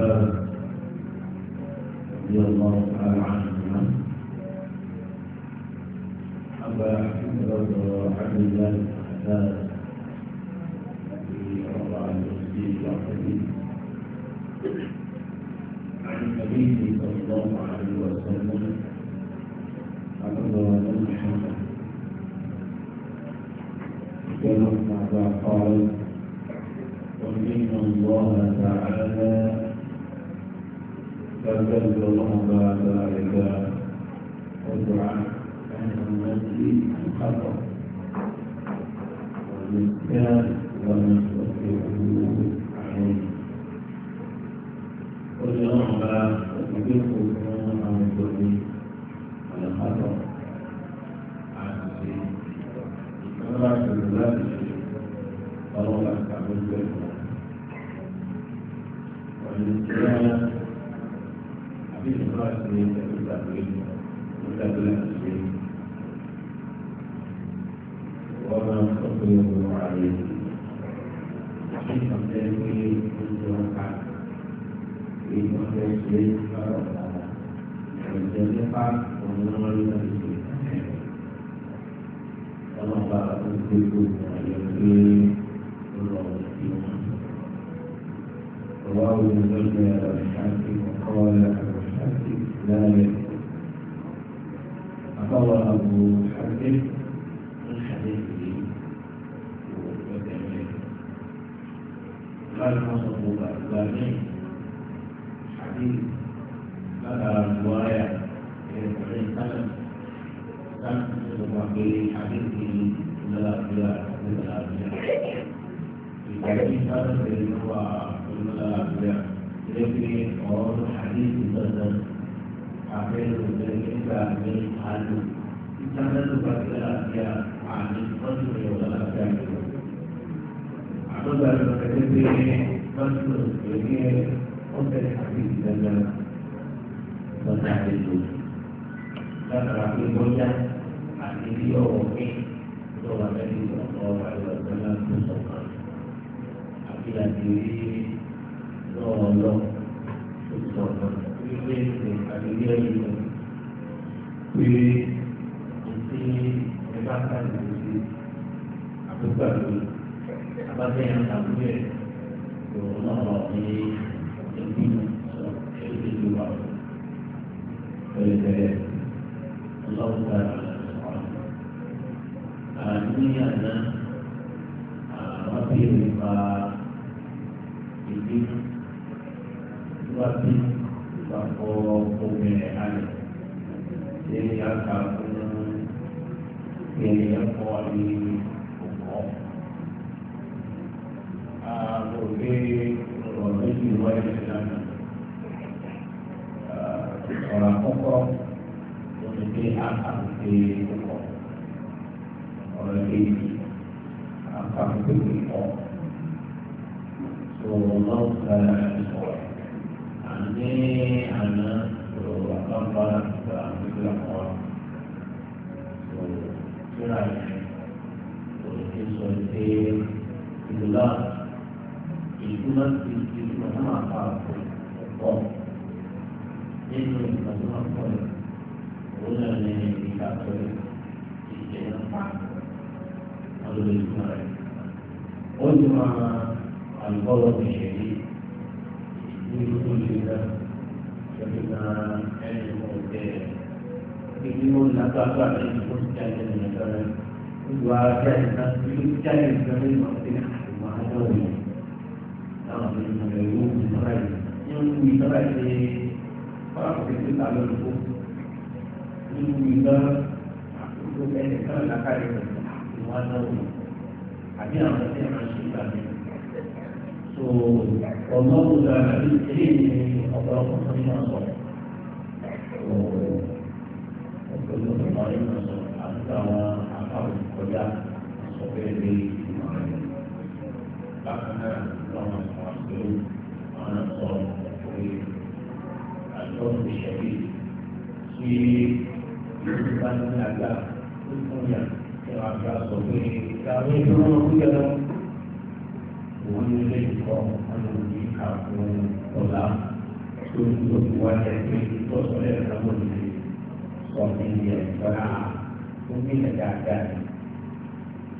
عباس رضي الله تعالى عنهما حبى حفظ عبد الله عباس رضي الله عنه عن النبي صلى الله عليه وسلم عن الله محمد كما قال ومن الله تعالى ذلك اللهم بارك والدعاء عن النبي الخطأ والمسكان والمسكان في كل ركعة في كل شيء فرقها والجميع والنور الذي كما بارك فيكم ويكفي رواه المغني الحاكم وقال ابو الحاكم لا يكفي أخبر أبو حاتم और हदीस मुसलसल आखिर का मेरी आलू संदर्भ पर क्या आगे फर्ज में होगा क्या आपको कहते थे फर्ज लेके और तेरे हदीस मुसलसल बताते थे अगर आपकी बोल जाए आपकी भी हो एक sallallahu alaihi wasallam tó sọ̀kan àti àti lọ́wọ́ lọ tó sọ̀kan wípé ṣe àdúgbò ẹ̀yìn lọ pé ètí ẹ̀ka ká lè ṣe àbúgbàgbé abájẹ́yàn àbúgbò ẹ̀yìn. gbé wá bí ìgbàpọ̀ obìnrin alẹ̀ ṣé yàtà fún ènìyàn kọ́ ní òkọ́. Àwọn òbí ọ̀rọ̀ méjì wáyé lánàá. Ọ̀rọ̀ àkọ́kọ́ ló ní pé a kà ń pé òkọ́. Ọ̀rọ̀ kejì. 嗯。ìwà jáde náà jáde nǹkan ní ìwà sí ìwà àjọ òní láwọn ọmọ ìwà ìwà òní sọ́ra yìí nínú ìjọba ṣe fọlọ́pọ̀ tó ta lọ́dún kó nínú ìjọba àkókò ẹni kan lákàrí ìwà àjọ òní àbí àwọn ẹni máa ṣe ìgbà mi. so ọ̀nà òkúta àbí eléyìí ni ọ̀pọ̀lọpọ̀ tó ní máa sọ. ọ̀pọ̀lọpọ̀ tó ní máa sọ àti àwọn àkàwọ̀ kọjá sọ pé ní ìmọ̀ràn yìí. bákan náà lọ́wọ́ àwọn àgbẹ̀wò àwọn sọ pé àjọ ìṣẹ̀lẹ̀ tí ìlú bá ní àgbà tó fún yà kí wọ́n àgbà sọ pé ìdáwọ́ ìlú wọn kú yẹn lọ. òun ní ilé ìkọ́ wọn ò ní kà fún ọ̀la tó ń tó wáyé pé ìtọ́sọ̀rẹ́ ìdáwọ́ ìlú sọ fún yẹn lọ́la. 我们也干干。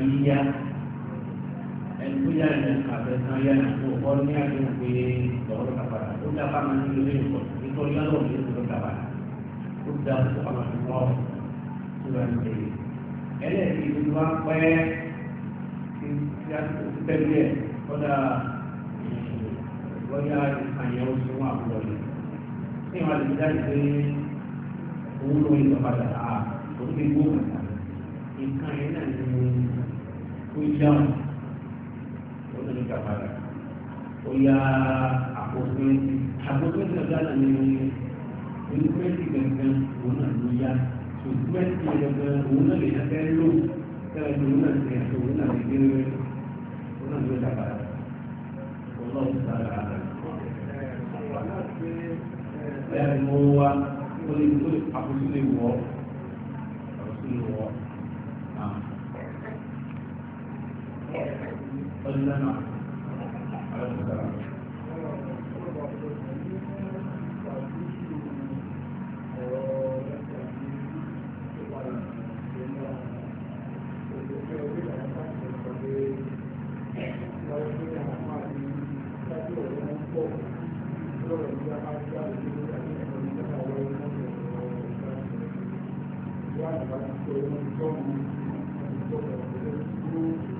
kan yíyá ẹnìkúyà ẹni àfẹsán yá nàkó ọ ní àdéhùn pé lọ́wọ́ kàfàrà ó dá fáwọn ní ilé ìwọ̀ nítorí yálò ní ìwọ̀ kàfàrà ó dá fún àwọn ìwọ̀ tó bá ń tẹ̀lé ẹlẹ́ẹ̀kì tó bá pẹ́ tí a ti tẹ̀lé ẹ̀ kọ́dà bóyá àyẹ̀wò tó wà púpọ̀ yìí tí wọ́n lè dájú pé owó lóyún lọ́padà àà òun ti gbó kàkà nǹkan yẹn náà ní ó dáhùn ó tó ní kàfàdà ó yá àkóso àkóso ìjọba ní onígbẹ́sì gbẹ̀ngàn òun náà ló yá onígbẹ́sì gbẹ̀ngàn òun náà lè yá fẹ́ lò tẹ́lẹ̀ tó òun náà lè yá tó òun náà lè dé òun náà ló kàfàdà ọlọ́run sára àná. Ẹ̀rọ wa ó lè àkóso lè wọ̀ ọ́ àkóso lè wọ̀ ọ́. وسلم عليه السلام Thank you.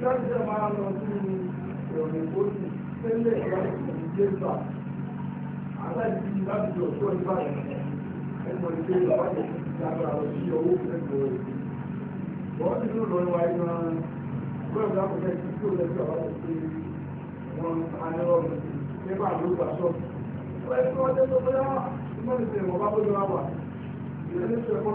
ìjọ́jọ́ máa lọ sí òyìnbó ti tẹ́lẹ̀ ìwádìí ìjẹ́gbà aláìsí láti lọ sọ ìgbà ẹ̀mọ̀ ìgbé ìwádìí ìjàgbà lọ sí owó ẹ̀kọ́ rẹ̀. wọ́n ti lò lọ́wọ́ àìmọ́ gbọ́dọ̀ lápẹ̀lẹ̀ tí kò lẹ́sẹ̀ wá sí pé wọ́n anẹ́rọ̀ nípa àlùkò àṣọ. wọ́n ti wọ́n tẹ́ tó bóyá ìmọ̀ ìṣẹ̀wọ̀n bá bóyá wà ìrẹ́lẹ́sẹ̀ ẹ̀kọ́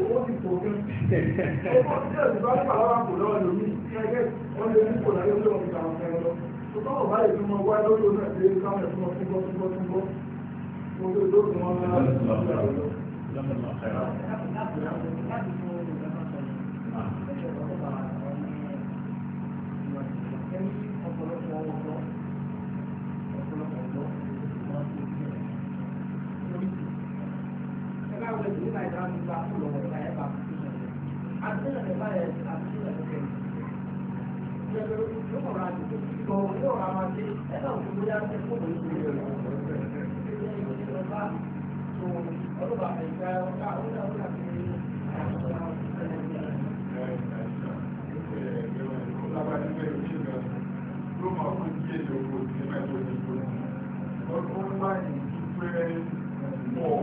owó ti tó fún ọkọ̀ tí ẹ̀sìn bá nípa lára kò lọ́wọ́ lómi ẹgbẹ́ wọn lè ní kò láyé ó lọ́wọ́ ìgbà ọ̀fẹ́ lọ tó tọ́wọ́ bá lè tún mọ wáyé lórí omi àti eré káwọn ẹ̀sìn ọtún bọ́ tún bọ́ tún bọ́ mo lè lóògùn wọn lára Thank you. àwọn èdè nígbà ìdára ti gba fún ìlọ́wọ́ ìgbà ẹ̀bà àti ìlànà ìgbà ẹ̀ àti ìlànà ìgbà ẹ̀ ìjẹ́pẹ̀ yóò mọ̀ ra àdúgbò ìgbọ̀ yóò ra máa dé ẹ̀dá òkú bóyá ń tẹ́ fún òun ìgbà ẹ̀ ọlọ́ba ẹ̀ka ọ̀gá ọ̀gá ọ̀gá ti rí ọ̀gá ọ̀gá ti rí ọ̀gá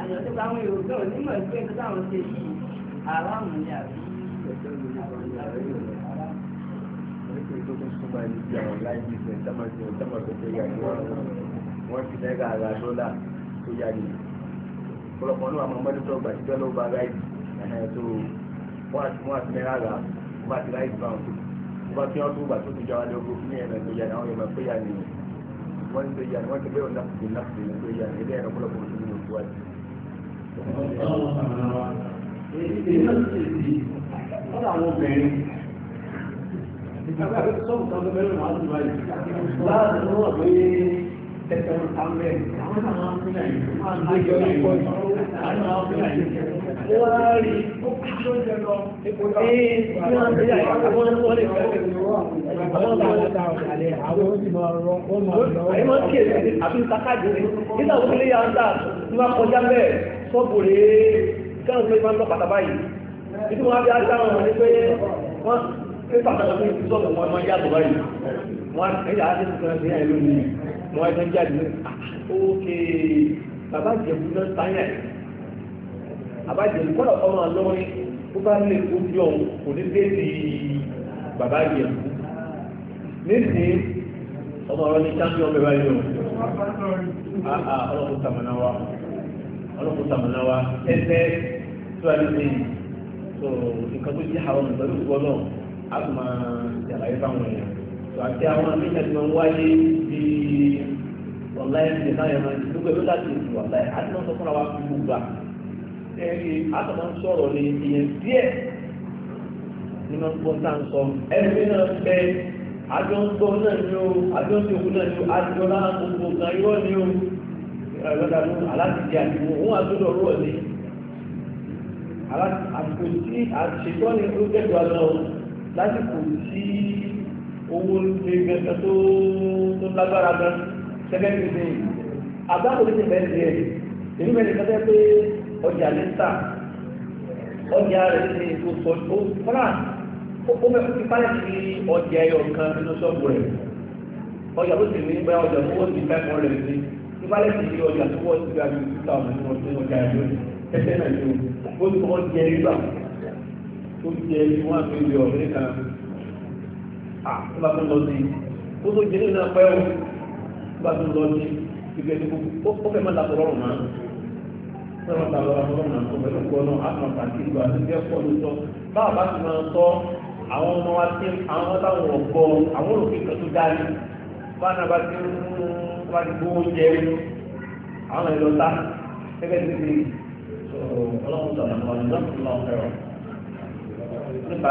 àyàn tó bá wọn èrò tó onímọ̀ ìgbé tó táwọn ṣe yìí aráàmù ni àbí ẹ̀jẹ̀ òní àwọn ìyàwó rẹ̀ ara. Oríṣiríṣi tó tún súnmọ́ ẹni tí àwọn láìpẹ́ ìfẹ́ támàtì támàtì tó yà ní wọn wọn fi náírà ara dọ́là tó yà ní. Ọ̀pọ̀lọpọ̀ ní àwọn ọmọdé tó gbà tí dọ́là ó bá ráìdì ẹ̀hẹ́n tó wọ́n àti wọ́n àti náírà rà ó bá ti ráìdì bá wọn tó. Ó ọlọ́run sàmìnà wa èyí náà ti di ọ̀dọ̀ àwọn obìnrin ìgbàgbà pé sọ́ọ̀mù kan lọ́mẹ́rin wà lórí báyìí láàrín ní wọ́n pé tẹ̀sán àmì àwọn àwọn afínà yìí máa ń gbé jọ ní ìwọ̀n àwọn afínà yìí wọ́n á rí ó kí ló jẹ lọ epo náà ee wọ́n á rí àwọn wọ́n lè fẹ́ àwọn bá wọn ta àlẹ́ àwọn ó sì máa rọ wọ́n máa rọ. àyè máa ń kí èsì àbí ìtakájì nígbà wo sọ́bù rèé káwọn tó lọ pàtàkì yìí títí wọn á bí aṣá ní pé wọn pé pàtàkì fún ìtúsọ̀ fún ndị máa báyìí wọn ẹ̀yà á ti sọ ẹ̀ jáde ókè bàbá náà bàbá kọ́lọ̀ ọmọ àlọ́rin ó bá lè kó bí ọ̀hún kò ní dé bàbá ọmọ ọ̀rọ̀ champion bẹ̀rẹ̀ yìí ọlọ́kùn sàmúlá wa ẹsẹ̀ tó a lè ṣe yìí tó nǹkan tó jẹ́ àwọn ìgbàlú gbọ́ náà a tún máa ṣàlàyé fáwọn èèyàn tó àti àwọn akéèyàn tí wọ́n wáyé bí ọ̀la ẹ̀sìn náà yẹn máa ń dúpẹ́ ló láti ìlú ọ̀la ẹ̀ àti wọ́n sọ fúnra wa fi gbogbo à ẹ̀rí àtọ̀mọ́ sọ̀rọ̀ ní ìyẹn díẹ̀ ní wọ́n gbọ́ tá à ń sọ ẹ̀rí náà bẹ àjọ ń gbọ́ náà ni ó àjọ ń ẹ̀rọ̀dà ló aláṣìṣẹ́ àdìmú òun àdúrà ọ̀rọ̀ ẹ̀lẹ́ ni ó tẹ̀gbọ́ lọ lásìkò tí owó lè gẹ̀ẹ́sẹ̀ tó lágbára gan sẹ́kẹ́tì ní àbáwò ní bẹ́ẹ̀ tiẹ̀ èmi mẹ́rin kẹ́tẹ́ pé ọjà ní ta ọjà rẹ̀ ní ètò sọ̀tò fúnra ó mẹ́fù ti pálẹ̀ sí ọjà ẹyọ kan nínú ṣọ́ọ̀bù rẹ̀ ọjà ló sì ní bẹ́ẹ̀ ọjà tó wọ́n ti fẹ́ rẹ̀ sí. tó bá lẹ́sìn ọjà tó wọ́n ti ga ju two thousand ní ọdún ọjà ìlú tẹ́tẹ́ náà ni ó ti kọ́ jẹ nígbà tó jẹ ní one million ọ̀rẹ́ kan à tó bá tó lọ sí ó tó jẹ nínú apẹ́ tó bá tó lọ sí ìgbẹ́ tó kó ó fẹ́ máa lọ́rùn máa tó báwa bá ti máa tọ́ àwọn ọmọ wa àwọn táwọn àwọn tó ní bá ti gbówó jẹ àwọn ẹ̀rọ ta gẹ́gẹ́ bí ti ọlọ́run sọ̀rọ̀ ọ̀rọ̀ nípa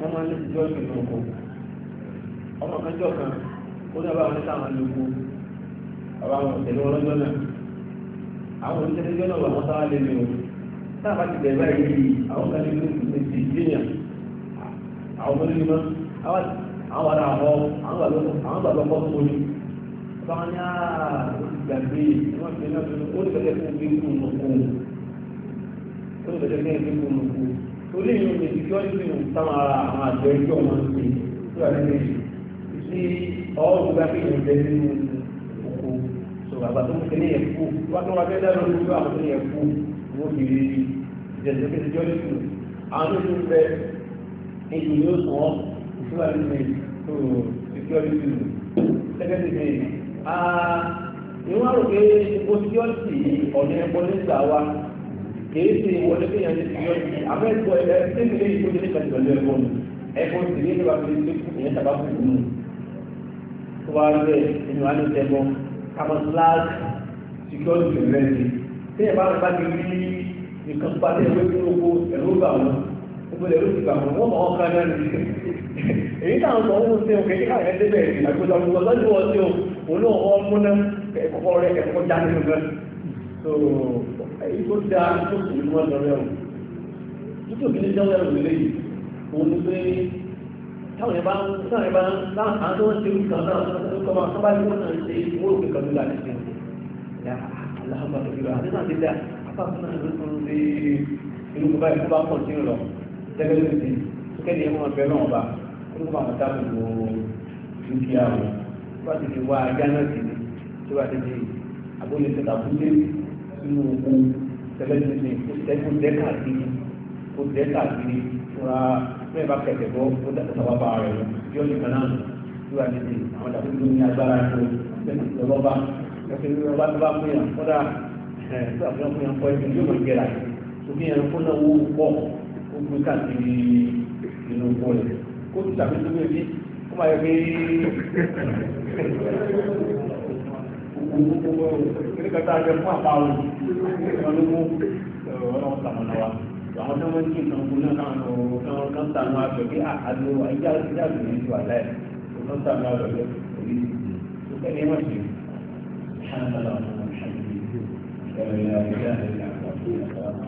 wọ́n máa ń lé ìjọ ìlú oko ọmọ kan jọ kan ó ní abáwọn níta àwọn lóko bàbá wọn tẹ̀lé wọn lọ́jọ́ náà àwọn oníṣẹ́ lọ́jọ́ náà wọ́n sáwá lé mi o táà bá ti bẹ̀rẹ̀ báyìí àwọn kan nínú ìgbésí ìdíyàn àwọn ọmọ nínú mọ́ àwọn ará àwọn àwọn gbàgbọ́ pọ́ fún mi báwọn ní àá gbàgbé wọn fi náà ó ní bẹ̀rẹ̀ fún mi kú nù kú ó ní bẹ̀rẹ̀ fún mi kú torí ìlú lè fi kí ọ́njú ìlú táwọn ara àwọn àjọ ẹgbẹ́ ọmọ ń pè tó wà nínú ìlú sí ọwọ́ òkúta pé ìlú bẹ nínú oko sọ bàbá tó ń fi ní ẹ̀kú wá tó wá fẹ́ dáná lójú àwọn tó ní ẹ̀kú wọ́n fi rí ìjẹ̀sẹ̀ pé ìjọ́ ìlú àwọn tó ń bẹ ìlú yóò sọ ọ́ ìwọ́n rò pé ìpòsíọ́sì ọ̀nà ẹ̀kọ́ nígbà wa kìí ṣe ìwọlé tí yẹn ti yọ ní abẹ́ẹ̀kọ́ ẹ̀ tí mi lè yíkó nípa ìgbàlú ẹ̀kọ́ mi ẹ̀kọ́ sì ní ìgbà tó ti kú ìyẹn tàbá kù nù. tó bá rí bẹ́ẹ̀ inú wa ní tẹ́gbọ́ kàmọ́ slash security rẹ̀ ni tí ẹ̀ bá rẹ̀ bá ti rí nǹkan tó bá tẹ̀ ẹ̀rọ ìlú oko ẹ̀rọ ìgbà wọn gbogbo ẹ̀rọ ìgbà wọn wọ́n mọ̀ ọ́n kan náà ní èyí táwọn sọ wọn ṣe òkè nígbà yẹn débẹ̀ àgbẹ̀sọ̀ àgbẹ̀sọ̀ lọ́jọ́ wọn ṣe òun náà wọ́n múná ẹ̀kọ́ rẹ̀ ẹ̀kọ́ jáde nìkan èyí tó da tó sì ní wọ́n lọ́rẹ́ ọ̀hún títò kí ní jọ́lẹ̀ ọ̀hún lè yìí òun ni pé táwọn ẹ̀bá táwọn ẹ̀bá láwọn àwọn tó ń ṣe nǹkan náà tó kọ́ máa sábà yóò náà ṣe owó òkè kan nílò àti ṣẹ́yìn yà aláhùnmá tó yọ àti náà ti da apákan náà ló tún lé inú bàbá yìí tó bá pọ̀ sínú lọ tẹ́lẹ̀ ló ti kẹ́ni ẹ̀ máa bẹ̀rẹ̀ ọ̀bà bá ti di bá ti di nínú ogun tẹlẹtìsì kó dẹ́ka sí kó dẹ́ka sí fúra bẹ́ẹ̀ bá kẹ̀kẹ́ bọ́ kó dàgbà wà bá rẹ̀ yóò ní kaná yóò wà níbi àwọn dàbí tó ní agbára tó lẹ́nu lọ́ba ẹ̀fẹ́ lọ́ba tó bá mú yàn kọ́dà ẹ̀ tó yàn kọ́ ẹ̀fẹ́ yóò mọ̀ jẹ́ra òfin yẹn fún náà wọ́n pọ̀ ó gbé káàkiri inú bọ́ọ̀lù kó tó tàbí tó bẹ́ẹ̀ bí ó máa yẹ pé nígbàtà jẹ fún àpáwọn ìwọ̀n ló mú ọlọ́run sàmọ̀nà wa àwọn tó wọ́n ń kí nǹkan fún náà náà náà kan sànú àgbẹ̀ pé àlọ́ ayé àgbẹ̀ ní ìlú àlẹ́ kan sànú àgbẹ̀ pé òní tó kẹ́ni ẹ̀ wọ́n ṣe ṣáná lọ́wọ́ ṣáná lọ́wọ́ ṣáná lọ́wọ́